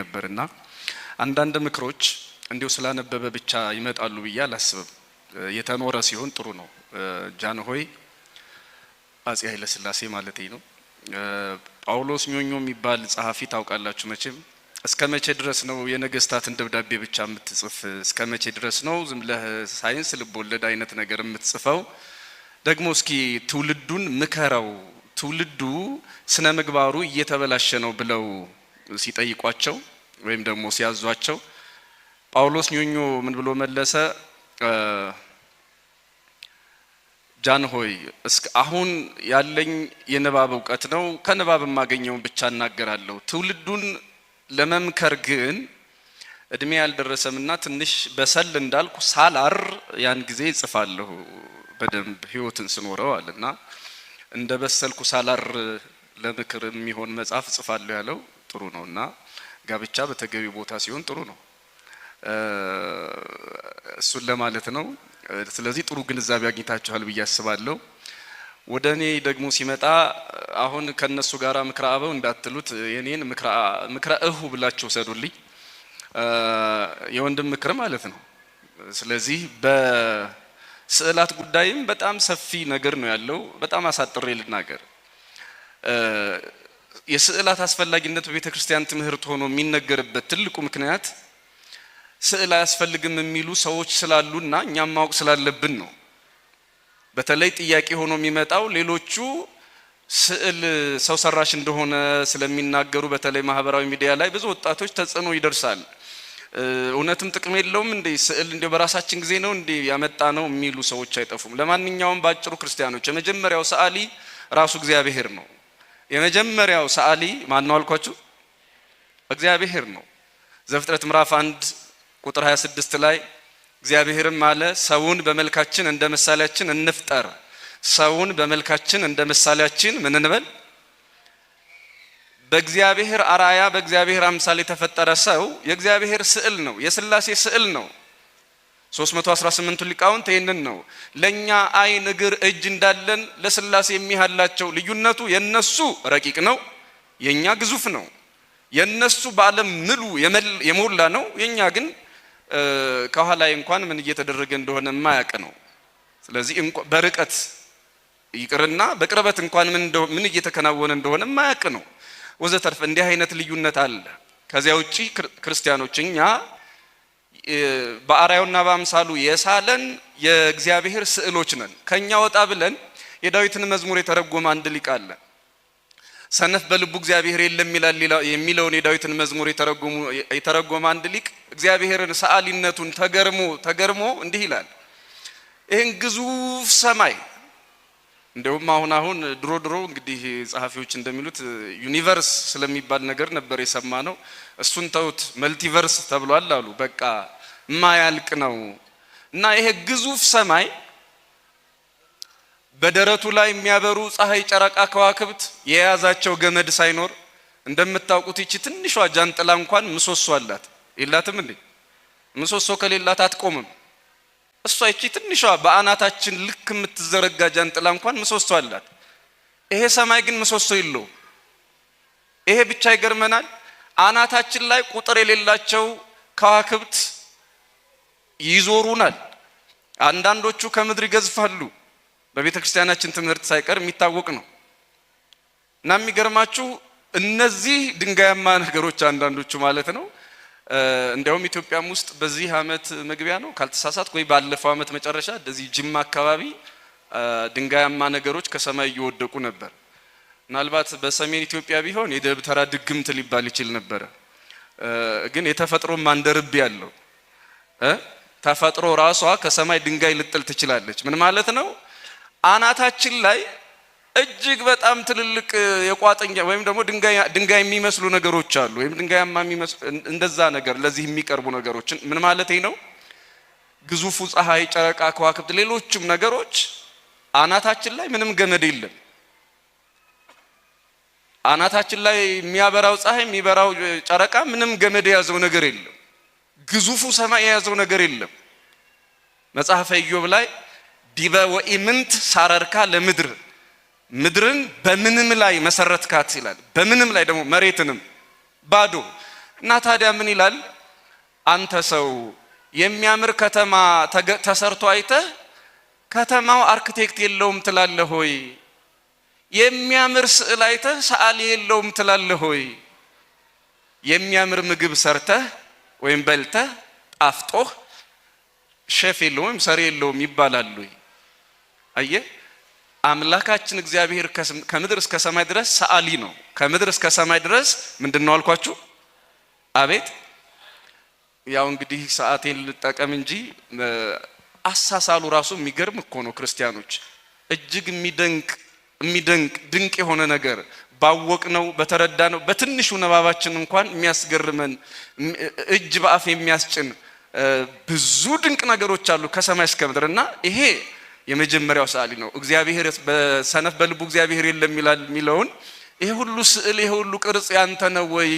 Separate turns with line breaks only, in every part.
ነበርና አንዳንድ ምክሮች እንዲሁ ስላነበበ ብቻ ይመጣሉ ብዬ አላስብም። የተኖረ ሲሆን ጥሩ ነው። ጃንሆይ አጼ ስላሴ ማለት ነው። ጳውሎስ ኞኞ የሚባል ጸሐፊ ታውቃላችሁ መቼም። እስከ መቼ ድረስ ነው የነገስታትን ደብዳቤ ብቻ የምትጽፍ? እስከ መቼ ድረስ ነው ዝም ብለህ ሳይንስ ልቦለድ አይነት ነገር የምትጽፈው? ደግሞ እስኪ ትውልዱን ምከረው፣ ትውልዱ ስነ ምግባሩ እየተበላሸ ነው ብለው ሲጠይቋቸው ወይም ደግሞ ሲያዟቸው ጳውሎስ ኞኞ ምን ብሎ መለሰ? ጃን ሆይ እስከ አሁን ያለኝ የንባብ እውቀት ነው፣ ከንባብ የማገኘውን ብቻ እናገራለሁ። ትውልዱን ለመምከር ግን እድሜ ያልደረሰምና ትንሽ በሰል እንዳልኩ ሳላር ያን ጊዜ እጽፋለሁ በደንብ ህይወትን ስኖረው አለና እንደ በሰልኩ ሳላር ለምክር የሚሆን መጽሐፍ እጽፋለሁ ያለው ጥሩ ነው እና ጋብቻ በተገቢ ቦታ ሲሆን ጥሩ ነው። እሱን ለማለት ነው። ስለዚህ ጥሩ ግንዛቤ አግኝታችኋል ብዬ አስባለሁ። ወደ እኔ ደግሞ ሲመጣ አሁን ከነሱ ጋር ምክረ አበው እንዳትሉት የኔን ምክረ እሁ ብላችሁ ሰዱልኝ፣ የወንድም ምክር ማለት ነው። ስለዚህ በስዕላት ጉዳይም በጣም ሰፊ ነገር ነው ያለው። በጣም አሳጥሬ ልናገር የስዕላት አስፈላጊነት በቤተ ክርስቲያን ትምህርት ሆኖ የሚነገርበት ትልቁ ምክንያት ስዕል አያስፈልግም የሚሉ ሰዎች ስላሉና እኛም ማወቅ ስላለብን ነው። በተለይ ጥያቄ ሆኖ የሚመጣው ሌሎቹ ስዕል ሰው ሰራሽ እንደሆነ ስለሚናገሩ በተለይ ማህበራዊ ሚዲያ ላይ ብዙ ወጣቶች ተጽዕኖ ይደርሳል። እውነትም ጥቅም የለውም እንዴ ስዕል እንዲ በራሳችን ጊዜ ነው እንዲ ያመጣ ነው የሚሉ ሰዎች አይጠፉም። ለማንኛውም በአጭሩ ክርስቲያኖች የመጀመሪያው ሰዓሊ ራሱ እግዚአብሔር ነው። የመጀመሪያው ሰዓሊ ማን ነው አልኳችሁ? እግዚአብሔር ነው። ዘፍጥረት ምዕራፍ 1 ቁጥር 26 ላይ እግዚአብሔርም አለ ሰውን በመልካችን እንደ ምሳሌያችን እንፍጠር፣ ሰውን በመልካችን እንደ ምሳሌያችን ምን እንበል? በእግዚአብሔር አራያ በእግዚአብሔር አምሳል የተፈጠረ ሰው የእግዚአብሔር ስዕል ነው፣ የስላሴ ስዕል ነው። 318ቱ ሊቃውንት ይህንን ነው ለእኛ አይን እግር እጅ እንዳለን ለስላሴ የሚያላቸው ልዩነቱ የነሱ ረቂቅ ነው፣ የእኛ ግዙፍ ነው። የነሱ በአለም ምሉ የሞላ ነው፣ የእኛ ግን ከኋላ እንኳን ምን እየተደረገ እንደሆነ የማያውቅ ነው። ስለዚህ በርቀት ይቅርና በቅርበት እንኳን ምን እየተከናወነ እንደሆነ የማያውቅ ነው ወዘተርፈ እንዲህ አይነት ልዩነት አለ። ከዚያ ውጪ ክርስቲያኖች እኛ በአርአያውና በአምሳሉ የሳለን የእግዚአብሔር ስዕሎች ነን። ከኛ ወጣ ብለን የዳዊትን መዝሙር የተረጎመ አንድ ሊቅ አለ። ሰነፍ በልቡ እግዚአብሔር የለም ይላል የሚለውን የዳዊትን መዝሙር የተረጎመ አንድ ሊቅ እግዚአብሔርን ሰዓሊነቱን ተገርሞ ተገርሞ እንዲህ ይላል። ይህን ግዙፍ ሰማይ እንዲሁም አሁን አሁን ድሮ ድሮ እንግዲህ ጸሐፊዎች እንደሚሉት ዩኒቨርስ ስለሚባል ነገር ነበር የሰማ ነው። እሱን ተውት መልቲቨርስ ተብሏል አሉ። በቃ ማያልቅ ነው እና ይሄ ግዙፍ ሰማይ በደረቱ ላይ የሚያበሩ ፀሐይ፣ ጨረቃ፣ ከዋክብት የያዛቸው ገመድ ሳይኖር እንደምታውቁት ይቺ ትንሿ ጃንጥላ እንኳን ምሰሶ አላት የላትም እንዴ? ምሰሶ ከሌላት አትቆምም። እሷ ይቺ ትንሿ በአናታችን ልክ የምትዘረጋ ጃንጥላ እንኳን ምሰሶ አላት። ይሄ ሰማይ ግን ምሰሶ የለው። ይሄ ብቻ ይገርመናል። አናታችን ላይ ቁጥር የሌላቸው ከዋክብት ይዞሩናል። አንዳንዶቹ ከምድር ይገዝፋሉ። በቤተ ክርስቲያናችን ትምህርት ሳይቀር የሚታወቅ ነው እና የሚገርማችሁ እነዚህ ድንጋያማ ነገሮች አንዳንዶቹ ማለት ነው እንዲያውም ኢትዮጵያም ውስጥ በዚህ አመት መግቢያ ነው ካልተሳሳት ወይ ባለፈው አመት መጨረሻ እንደዚህ ጅማ አካባቢ ድንጋያማ ነገሮች ከሰማይ እየወደቁ ነበር። ምናልባት በሰሜን ኢትዮጵያ ቢሆን የደብተራ ድግምት ሊባል ይችል ነበረ። ግን የተፈጥሮ ማንደርብ ያለው ተፈጥሮ ራሷ ከሰማይ ድንጋይ ልጥል ትችላለች። ምን ማለት ነው? አናታችን ላይ እጅግ በጣም ትልልቅ የቋጠኛ ወይም ደግሞ ድንጋይ የሚመስሉ ነገሮች አሉ፣ ወይም ድንጋያማ የሚመስሉ እንደዛ ነገር ለዚህ የሚቀርቡ ነገሮችን ምን ማለት ነው? ግዙፉ ፀሐይ፣ ጨረቃ፣ ከዋክብት፣ ሌሎችም ነገሮች አናታችን ላይ ምንም ገመድ የለም። አናታችን ላይ የሚያበራው ፀሐይ፣ የሚበራው ጨረቃ ምንም ገመድ የያዘው ነገር የለም። ግዙፉ ሰማይ የያዘው ነገር የለም። መጽሐፈ ኢዮብ ላይ ዲበ ወኢምንት ሳረርካ ለምድር ምድርን በምንም ላይ መሰረትካት ይላል። በምንም ላይ ደግሞ መሬትንም ባዶ እና ታዲያ ምን ይላል? አንተ ሰው የሚያምር ከተማ ተሰርቶ አይተህ ከተማው አርክቴክት የለውም ትላለህ ሆይ? የሚያምር ስዕል አይተህ ሰዓሊ የለውም ትላለህ ሆይ? የሚያምር ምግብ ሰርተህ ወይም በልተህ ጣፍጦህ ሼፍ የለውም ሰሪ የለውም ይባላሉ። አየ አምላካችን እግዚአብሔር ከምድር እስከ ሰማይ ድረስ ሰዓሊ ነው። ከምድር እስከ ሰማይ ድረስ ምንድን ነው አልኳችሁ? አቤት ያው እንግዲህ ሰዓቴን ልጠቀም እንጂ አሳሳሉ ራሱ የሚገርም እኮ ነው። ክርስቲያኖች እጅግ የሚደንቅ የሚደንቅ ድንቅ የሆነ ነገር ባወቅ ነው በተረዳ ነው በትንሹ ነባባችን እንኳን የሚያስገርመን እጅ በአፍ የሚያስጭን ብዙ ድንቅ ነገሮች አሉ ከሰማይ እስከ ምድር እና ይሄ የመጀመሪያው ሰዓሊ ነው። እግዚአብሔር በሰነፍ በልቡ እግዚአብሔር የለም ይላል የሚለውን ይሄ ሁሉ ስዕል ይሄ ሁሉ ቅርጽ ያንተ ነው ወይ?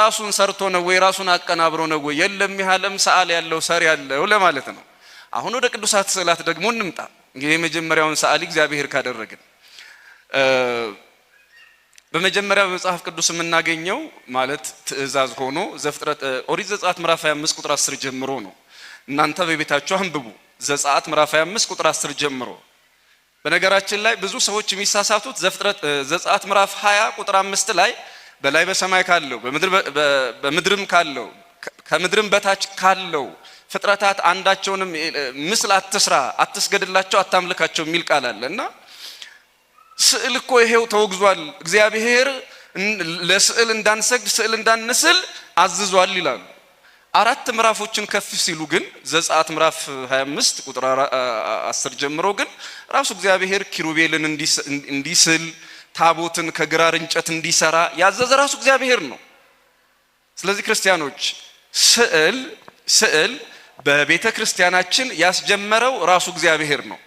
ራሱን ሰርቶ ነው ወይ? ራሱን አቀናብሮ ነው ወይ? የለም ያለም ሰዓል ያለው ሰር ያለው ለማለት ነው። አሁን ወደ ቅዱሳት ስዕላት ደግሞ እንምጣ። እንግዲህ የመጀመሪያውን ሰዓሊ እግዚአብሔር ካደረግን በመጀመሪያ በመጽሐፍ ቅዱስ የምናገኘው ማለት ትእዛዝ ሆኖ ዘፍጥረት ኦሪት ዘጸአት ምዕራፍ 25 ቁጥር 10 ጀምሮ ነው። እናንተ በቤታችሁ አንብቡ። ዘጸአት ምዕራፍ 25 ቁጥር 10 ጀምሮ። በነገራችን ላይ ብዙ ሰዎች የሚሳሳቱት ዘፍጥረት ዘጸአት ምዕራፍ 20 ቁጥር 5 ላይ በላይ በሰማይ ካለው በምድርም ካለው ከምድርም በታች ካለው ፍጥረታት አንዳቸውንም ምስል አትስራ፣ አትስገድላቸው፣ አታምልካቸው የሚል ቃል አለ እና ስዕል እኮ ይሄው ተወግዟል። እግዚአብሔር ለስዕል እንዳንሰግድ ስዕል እንዳንስል አዝዟል ይላሉ። አራት ምዕራፎችን ከፍ ሲሉ ግን ዘጸአት ምዕራፍ 25 ቁጥር 10 ጀምሮ ግን ራሱ እግዚአብሔር ኪሩቤልን እንዲስል ታቦትን ከግራር እንጨት እንዲሰራ ያዘዘ ራሱ እግዚአብሔር ነው። ስለዚህ ክርስቲያኖች ስዕል ስዕል በቤተ ክርስቲያናችን ያስጀመረው ራሱ እግዚአብሔር ነው።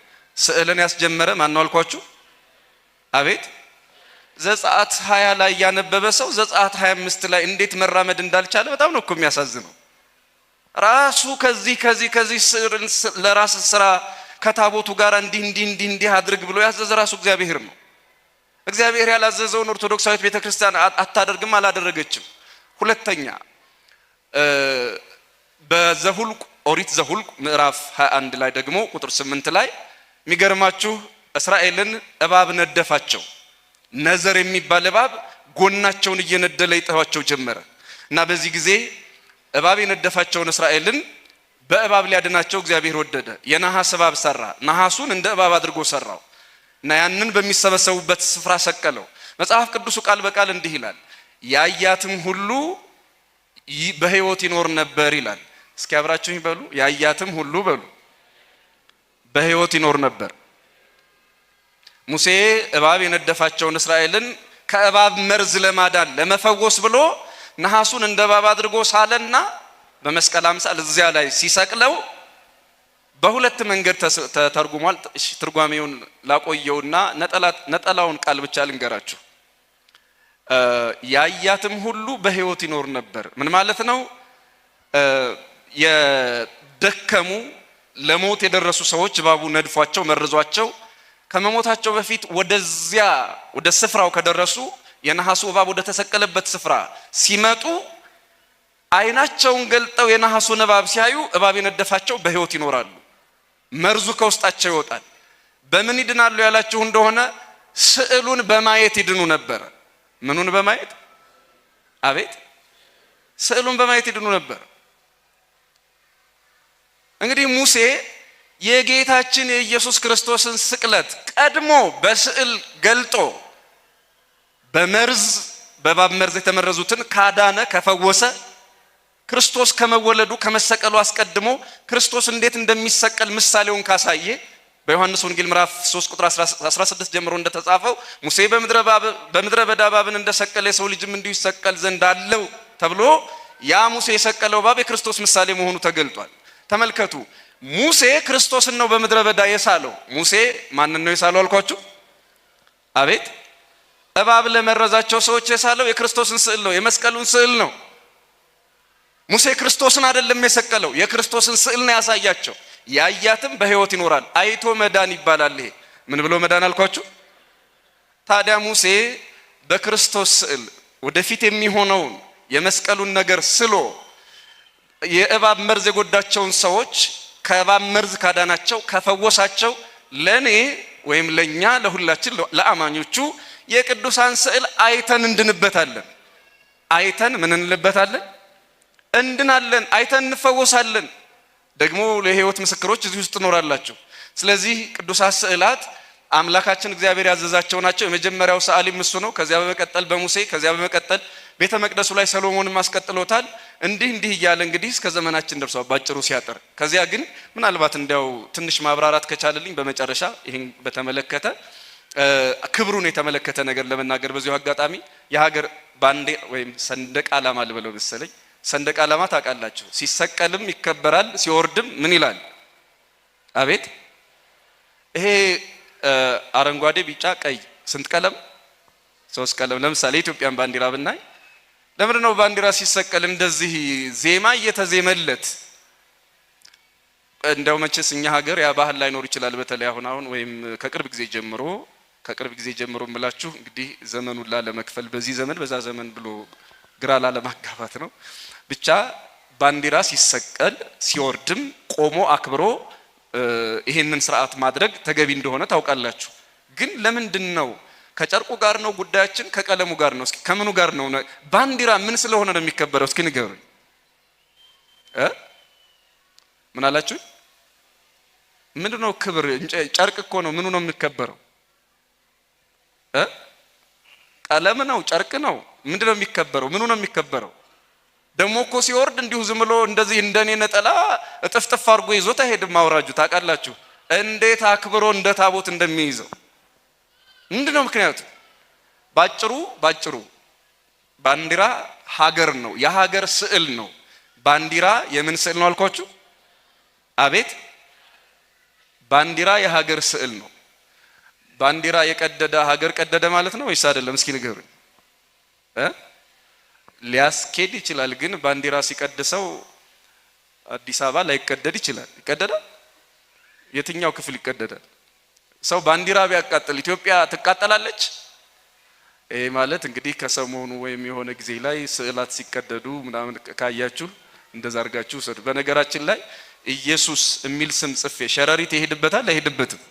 ስዕልን ያስጀመረ ማን ነው አልኳችሁ? አቤት ዘጸአት 20 ላይ ያነበበ ሰው ዘጸአት 25 ላይ እንዴት መራመድ እንዳልቻለ በጣም ነው እኮ የሚያሳዝነው። ራሱ ከዚህ ከዚህ ከዚህ ለራስ ስራ ከታቦቱ ጋር እንዲህ እንዲህ እንዲህ እንዲህ አድርግ ብሎ ያዘዘ ራሱ እግዚአብሔር ነው። እግዚአብሔር ያላዘዘውን ኦርቶዶክሳዊት ቤተክርስቲያን አታደርግም፣ አላደረገችም። ሁለተኛ በዘሁልቅ ኦሪት ዘሁልቅ ምዕራፍ 21 ላይ ደግሞ ቁጥር 8 ላይ የሚገርማችሁ እስራኤልን እባብ ነደፋቸው። ነዘር የሚባል እባብ ጎናቸውን እየነደለ ይጠፋቸው ጀመረ እና በዚህ ጊዜ እባብ የነደፋቸውን እስራኤልን በእባብ ሊያድናቸው እግዚአብሔር ወደደ። የነሐስ እባብ ሰራ። ነሐሱን እንደ እባብ አድርጎ ሰራው እና ያንን በሚሰበሰቡበት ስፍራ ሰቀለው። መጽሐፍ ቅዱሱ ቃል በቃል እንዲህ ይላል፣ ያያትም ሁሉ በሕይወት ይኖር ነበር ይላል። እስኪ አብራችሁኝ በሉ፣ ያያትም ሁሉ በሉ በሕይወት ይኖር ነበር። ሙሴ እባብ የነደፋቸውን እስራኤልን ከእባብ መርዝ ለማዳን ለመፈወስ ብሎ ነሐሱን እንደ እባብ አድርጎ ሳለና በመስቀል አምሳል እዚያ ላይ ሲሰቅለው በሁለት መንገድ ተተርጉሟል። ትርጓሜውን ላቆየውና ነጠላውን ቃል ብቻ ልንገራችሁ። ያያትም ሁሉ በህይወት ይኖር ነበር። ምን ማለት ነው? የደከሙ ለሞት የደረሱ ሰዎች እባቡ ነድፏቸው መርዟቸው ከመሞታቸው በፊት ወደዚያ ወደ ስፍራው ከደረሱ የነሐሱ እባብ ወደ ተሰቀለበት ስፍራ ሲመጡ አይናቸውን ገልጠው የነሐሱን እባብ ሲያዩ እባብ የነደፋቸው በህይወት ይኖራሉ። መርዙ ከውስጣቸው ይወጣል። በምን ይድናሉ ያላችሁ እንደሆነ ስዕሉን በማየት ይድኑ ነበር። ምኑን በማየት አቤት፣ ስዕሉን በማየት ይድኑ ነበር። እንግዲህ ሙሴ የጌታችን የኢየሱስ ክርስቶስን ስቅለት ቀድሞ በስዕል ገልጦ በመርዝ በባብ መርዝ የተመረዙትን ካዳነ ከፈወሰ ክርስቶስ ከመወለዱ ከመሰቀሉ አስቀድሞ ክርስቶስ እንዴት እንደሚሰቀል ምሳሌውን ካሳየ በዮሐንስ ወንጌል ምዕራፍ 3 ቁጥር 16 ጀምሮ እንደተጻፈው ሙሴ በምድረ በዳ እባብን እንደሰቀለ የሰው ልጅም እንዲሁ ይሰቀል ዘንድ አለው ተብሎ ያ ሙሴ የሰቀለው እባብ የክርስቶስ ምሳሌ መሆኑ ተገልጧል። ተመልከቱ። ሙሴ ክርስቶስን ነው በምድረ በዳ የሳለው። ሙሴ ማንን ነው የሳለው አልኳችሁ? አቤት እባብ ለመረዛቸው ሰዎች የሳለው የክርስቶስን ስዕል ነው፣ የመስቀሉን ስዕል ነው። ሙሴ ክርስቶስን አይደለም የሰቀለው፣ የክርስቶስን ስዕል ነው ያሳያቸው። ያያትም በሕይወት ይኖራል። አይቶ መዳን ይባላል። ይሄ ምን ብሎ መዳን አልኳችሁ? ታዲያ ሙሴ በክርስቶስ ስዕል ወደፊት የሚሆነውን የመስቀሉን ነገር ስሎ የእባብ መርዝ የጎዳቸውን ሰዎች ከእባብ መርዝ ካዳናቸው ከፈወሳቸው ለእኔ ወይም ለእኛ ለሁላችን ለአማኞቹ የቅዱሳን ስዕል አይተን እንድንበታለን። አይተን ምን እንልበታለን? እንድናለን። አይተን እንፈወሳለን። ደግሞ ለህይወት ምስክሮች እዚህ ውስጥ ትኖራላችሁ። ስለዚህ ቅዱሳት ስዕላት አምላካችን እግዚአብሔር ያዘዛቸው ናቸው። የመጀመሪያው ሰዓሊም እሱ ነው። ከዚያ በመቀጠል በሙሴ ከዚያ በመቀጠል ቤተ መቅደሱ ላይ ሰሎሞንም አስቀጥሎታል። እንዲህ እንዲህ እያለ እንግዲህ እስከ ዘመናችን ደርሷል ባጭሩ ሲያጠር። ከዚያ ግን ምናልባት እንዲያው ትንሽ ማብራራት ከቻለልኝ በመጨረሻ ይህን በተመለከተ ክብሩን የተመለከተ ነገር ለመናገር በዚሁ አጋጣሚ የሀገር ባንዴ ወይም ሰንደቅ ዓላማ ልበለው መሰለኝ። ሰንደቅ ዓላማ ታውቃላችሁ፣ ሲሰቀልም ይከበራል፣ ሲወርድም ምን ይላል? አቤት ይሄ አረንጓዴ፣ ቢጫ፣ ቀይ ስንት ቀለም? ሶስት ቀለም። ለምሳሌ የኢትዮጵያን ባንዲራ ብናይ ለምንድን ነው ባንዲራ ሲሰቀል እንደዚህ ዜማ እየተዜመለት? እንደው መቼስ እኛ ሀገር ያ ባህል ላይኖር ይችላል። በተለይ አሁን አሁን ወይም ከቅርብ ጊዜ ጀምሮ ከቅርብ ጊዜ ጀምሮ የምላችሁ እንግዲህ ዘመኑን ላለመክፈል በዚህ ዘመን በዛ ዘመን ብሎ ግራ ላለማጋባት ነው። ብቻ ባንዲራ ሲሰቀል ሲወርድም ቆሞ አክብሮ ይሄንን ስርዓት ማድረግ ተገቢ እንደሆነ ታውቃላችሁ። ግን ለምንድን ነው ከጨርቁ ጋር ነው ጉዳያችን? ከቀለሙ ጋር ነው? እስኪ ከምኑ ጋር ነው? ባንዲራ ምን ስለሆነ ነው የሚከበረው? እስኪ ንገሩኝ። ምን አላችሁ? ምንድን ነው ክብር? ጨርቅ እኮ ነው። ምኑ ነው የሚከበረው? ቀለም ነው? ጨርቅ ነው? ምንድን ነው የሚከበረው? ምኑ ነው የሚከበረው? ደግሞ እኮ ሲወርድ እንዲሁ ዝም ብሎ እንደዚህ እንደኔ ነጠላ እጥፍጥፍ አድርጎ ይዞት አይሄድም። አውራጁ ታውቃላችሁ እንዴት አክብሮ እንደ ታቦት እንደሚይዘው ምንድን ነው ምክንያቱ? ባጭሩ ባጭሩ ባንዲራ ሀገር ነው፣ የሀገር ስዕል ነው። ባንዲራ የምን ስዕል ነው አልኳችሁ? አቤት ባንዲራ የሀገር ስዕል ነው። ባንዲራ የቀደደ ሀገር ቀደደ ማለት ነው ወይስ አይደለም? እስኪ ንገሩኝ። ሊያስኬድ ይችላል፣ ግን ባንዲራ ሲቀድሰው አዲስ አበባ ላይቀደድ ይችላል። ይቀደዳል። የትኛው ክፍል ይቀደዳል? ሰው ባንዲራ ቢያቃጥል ኢትዮጵያ ትቃጠላለች? ይህ ማለት እንግዲህ ከሰሞኑ ወይም የሆነ ጊዜ ላይ ስዕላት ሲቀደዱ ምናምን ካያችሁ እንደዛ አድርጋችሁ ውሰዱ። በነገራችን ላይ ኢየሱስ የሚል ስም ጽፌ ሸረሪት ይሄድበታል አይሄድበትም?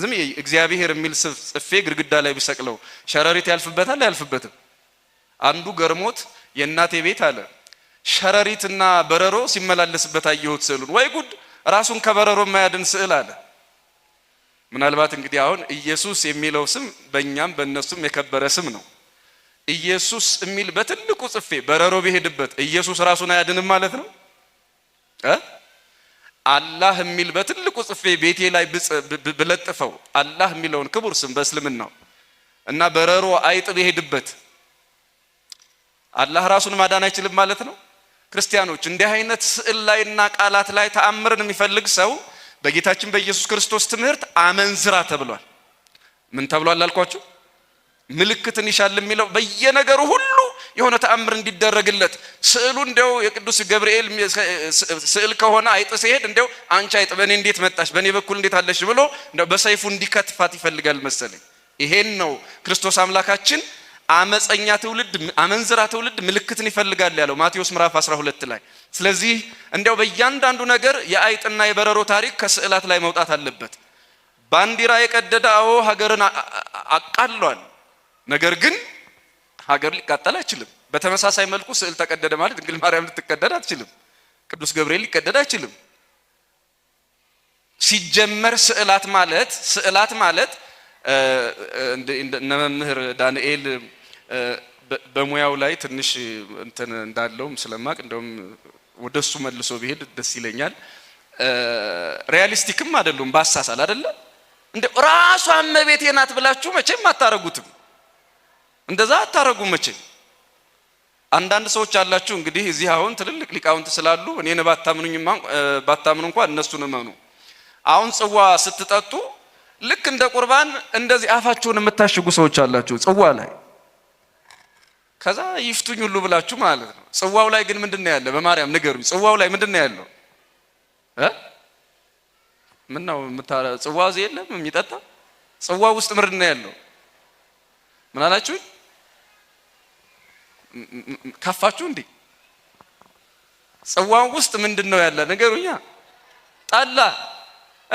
ዝም እግዚአብሔር የሚል ስም ጽፌ ግድግዳ ላይ ቢሰቅለው ሸረሪት ያልፍበታል አያልፍበትም? አንዱ ገርሞት የእናቴ ቤት አለ ሸረሪትና በረሮ ሲመላለስበት አየሁት ስዕሉን። ወይ ጉድ! ራሱን ከበረሮ የማያድን ስዕል አለ ምናልባት እንግዲህ አሁን ኢየሱስ የሚለው ስም በእኛም በእነሱም የከበረ ስም ነው። ኢየሱስ የሚል በትልቁ ጽፌ በረሮ ቢሄድበት ኢየሱስ ራሱን አያድንም ማለት ነው። አላህ የሚል በትልቁ ጽፌ ቤቴ ላይ ብለጥፈው አላህ የሚለውን ክቡር ስም በእስልምናው እና በረሮ አይጥ ቢሄድበት አላህ ራሱን ማዳን አይችልም ማለት ነው። ክርስቲያኖች እንዲህ አይነት ስዕል ላይና ቃላት ላይ ተአምርን የሚፈልግ ሰው በጌታችን በኢየሱስ ክርስቶስ ትምህርት አመንዝራ ተብሏል። ምን ተብሏል አልኳችሁ? ምልክትን ይሻል የሚለው በየነገሩ ሁሉ የሆነ ተአምር እንዲደረግለት ስዕሉ እንደው የቅዱስ ገብርኤል ስዕል ከሆነ አይጥ ሲሄድ እንደው አንቺ አይጥ በእኔ እንዴት መጣሽ፣ በእኔ በኩል እንዴት አለሽ ብሎ በሰይፉ እንዲከትፋት ይፈልጋል መሰለኝ። ይሄን ነው ክርስቶስ አምላካችን አመፀኛ ትውልድ፣ አመንዝራ ትውልድ ምልክትን ይፈልጋል ያለው ማቴዎስ ምዕራፍ 12 ላይ ስለዚህ እንዲያው በእያንዳንዱ ነገር የአይጥና የበረሮ ታሪክ ከስዕላት ላይ መውጣት አለበት። ባንዲራ የቀደደ አዎ ሀገርን አቃሏል። ነገር ግን ሀገር ሊቃጠል አይችልም። በተመሳሳይ መልኩ ስዕል ተቀደደ ማለት ድንግል ማርያም ልትቀደድ አትችልም። ቅዱስ ገብርኤል ሊቀደድ አይችልም። ሲጀመር ስዕላት ማለት ስዕላት ማለት እነ መምህር ዳንኤል በሙያው ላይ ትንሽ እንትን እንዳለውም ስለማቅ እንደውም ወደ እሱ መልሶ ቢሄድ ደስ ይለኛል። ሪያሊስቲክም አይደሉም ባሳሳል አይደለ እንደ ራሷ እመቤቴ ናት ብላችሁ መቼም አታረጉትም። እንደዛ አታረጉም መቼም። አንዳንድ ሰዎች አላችሁ እንግዲህ እዚህ አሁን ትልልቅ ሊቃውንት ስላሉ እኔን ባታምኑ እንኳን እነሱን እመኑ። አሁን ጽዋ ስትጠጡ ልክ እንደ ቁርባን እንደዚህ አፋችሁን የምታሽጉ ሰዎች አላችሁ ጽዋ ላይ ከዛ ይፍቱኝ ሁሉ ብላችሁ ማለት ነው። ጽዋው ላይ ግን ምንድን ነው ያለ? በማርያም ንገሩኝ፣ ጽዋው ላይ ምንድን ነው ያለው? ምን ነው ጽዋ እዚህ የለም የሚጠጣ ጽዋው ውስጥ ምንድን ነው ያለው? ምን አላችሁ? ከፋችሁ እንዴ? ጽዋው ውስጥ ምንድን ነው ያለ? ንገሩኛ። ጠላ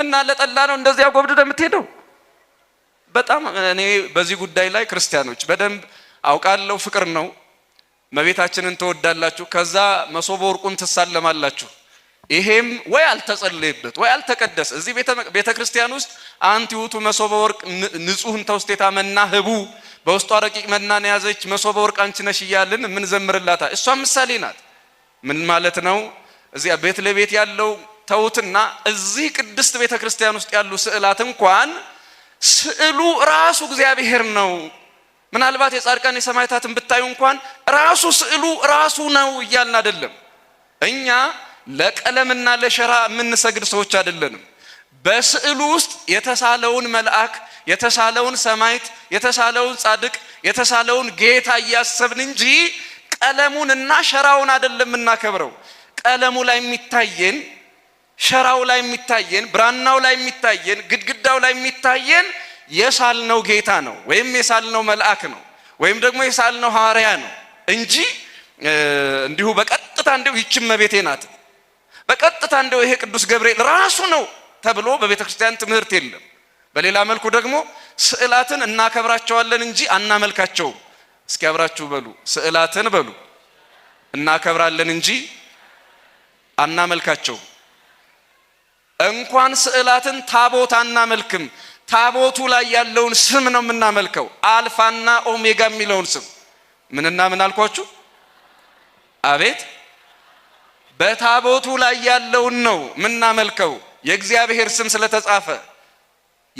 እና ለጠላ ነው እንደዚያ ጎብድ የምትሄደው። በጣም እኔ በዚህ ጉዳይ ላይ ክርስቲያኖች በደንብ አውቃለሁ ፍቅር ነው። መቤታችንን ትወዳላችሁ፣ ከዛ መሶበ ወርቁን ትሳለማላችሁ። ይሄም ወይ አልተጸለየበት ወይ አልተቀደሰ። እዚህ ቤተ ክርስቲያን ውስጥ አንቲ ውእቱ መሶበ ወርቅ ንጹሕን ተውስቴታ መና ህቡ በውስጧ ረቂቅ መናን የያዘች መሶበ ወርቅ አንቺ ነሽ እያልን ዘምርላታ። እሷ ምሳሌ ናት። ምን ማለት ነው? እዚያ ቤት ለቤት ያለው ተውትና እዚህ ቅድስት ቤተ ክርስቲያን ውስጥ ያሉ ስዕላት እንኳን ስዕሉ ራሱ እግዚአብሔር ነው። ምናልባት የጻድቃን የሰማዕታትን ብታዩ እንኳን ራሱ ስዕሉ ራሱ ነው እያልን አይደለም። እኛ ለቀለምና ለሸራ የምንሰግድ ሰዎች አይደለንም። በስዕሉ ውስጥ የተሳለውን መልአክ፣ የተሳለውን ሰማዕት፣ የተሳለውን ጻድቅ፣ የተሳለውን ጌታ እያሰብን እንጂ ቀለሙን እና ሸራውን አይደለም የምናከብረው። ቀለሙ ላይ የሚታየን ሸራው ላይ የሚታየን ብራናው ላይ የሚታየን ግድግዳው ላይ የሚታየን የሳልነው ጌታ ነው ወይም የሳልነው መልአክ ነው ወይም ደግሞ የሳልነው ሐዋርያ ነው እንጂ እንዲሁ በቀጥታ እንደው ይችም መቤቴ ናት በቀጥታ እንደው ይሄ ቅዱስ ገብርኤል ራሱ ነው ተብሎ በቤተ ክርስቲያን ትምህርት የለም። በሌላ መልኩ ደግሞ ስዕላትን እናከብራቸዋለን እንጂ አናመልካቸውም። እስኪ አብራችሁ በሉ ስዕላትን በሉ እናከብራለን እንጂ አናመልካቸውም። እንኳን ስዕላትን ታቦት አናመልክም። ታቦቱ ላይ ያለውን ስም ነው የምናመልከው። አልፋና ኦሜጋ የሚለውን ስም ምንና ምን አልኳችሁ? አቤት በታቦቱ ላይ ያለውን ነው የምናመልከው። የእግዚአብሔር ስም ስለተጻፈ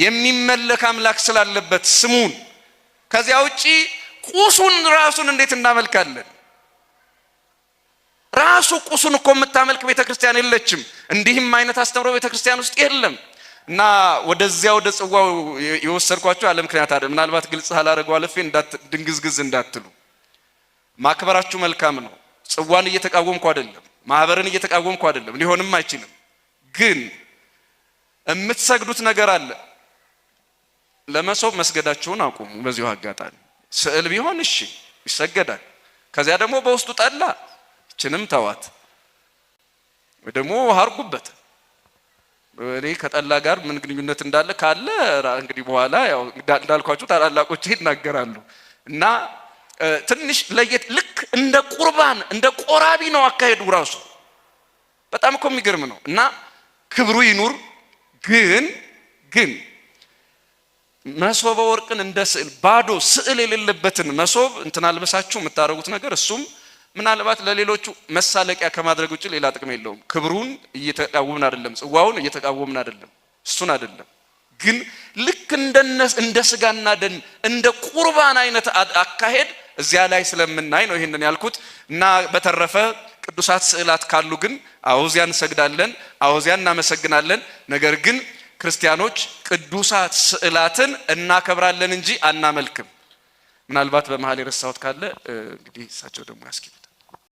የሚመለክ አምላክ ስላለበት ስሙን፣ ከዚያ ውጪ ቁሱን ራሱን እንዴት እናመልካለን? ራሱ ቁሱን እኮ የምታመልክ ቤተ ክርስቲያን የለችም። እንዲህም አይነት አስተምሮ ቤተ ክርስቲያን ውስጥ የለም። እና ወደዚያ ወደ ጽዋው የወሰድኳቸው ያለ ምክንያት አይደለም። ምናልባት ግልጽ አላደረገው አለፌ ድንግዝግዝ እንዳትሉ ማክበራችሁ መልካም ነው። ጽዋን እየተቃወምኩ አይደለም፣ ማህበርን እየተቃወምኩ አይደለም። ሊሆንም አይችልም። ግን የምትሰግዱት ነገር አለ። ለመሶብ መስገዳችሁን አቁሙ። በዚሁ አጋጣሚ ስዕል ቢሆን እሺ ይሰገዳል። ከዚያ ደግሞ በውስጡ ጠላ፣ ይችንም ተዋት ወይ ደግሞ አርጉበት እኔ ከጠላ ጋር ምን ግንኙነት እንዳለ ካለ እንግዲህ በኋላ ያው እንዳልኳችሁ ታላላቆች ይናገራሉ እና ትንሽ ለየት ልክ እንደ ቁርባን እንደ ቆራቢ ነው አካሄዱ ራሱ በጣም እኮ የሚገርም ነው እና ክብሩ ይኑር ግን ግን መሶበ ወርቅን እንደ ስዕል ባዶ ስዕል የሌለበትን መሶብ እንትን አልበሳችሁ የምታደርጉት ነገር እሱም ምናልባት ለሌሎቹ መሳለቂያ ከማድረግ ውጭ ሌላ ጥቅም የለውም። ክብሩን እየተቃወምን አይደለም፣ ጽዋውን እየተቃወምን አይደለም፣ እሱን አይደለም። ግን ልክ እንደ ስጋና ደን እንደ ቁርባን አይነት አካሄድ እዚያ ላይ ስለምናይ ነው ይህንን ያልኩት እና በተረፈ ቅዱሳት ስዕላት ካሉ ግን አውዚያ እንሰግዳለን፣ አውዚያ እናመሰግናለን። ነገር ግን ክርስቲያኖች ቅዱሳት ስዕላትን እናከብራለን እንጂ አናመልክም። ምናልባት በመሀል የረሳሁት ካለ እንግዲህ እሳቸው ደግሞ ያስኪል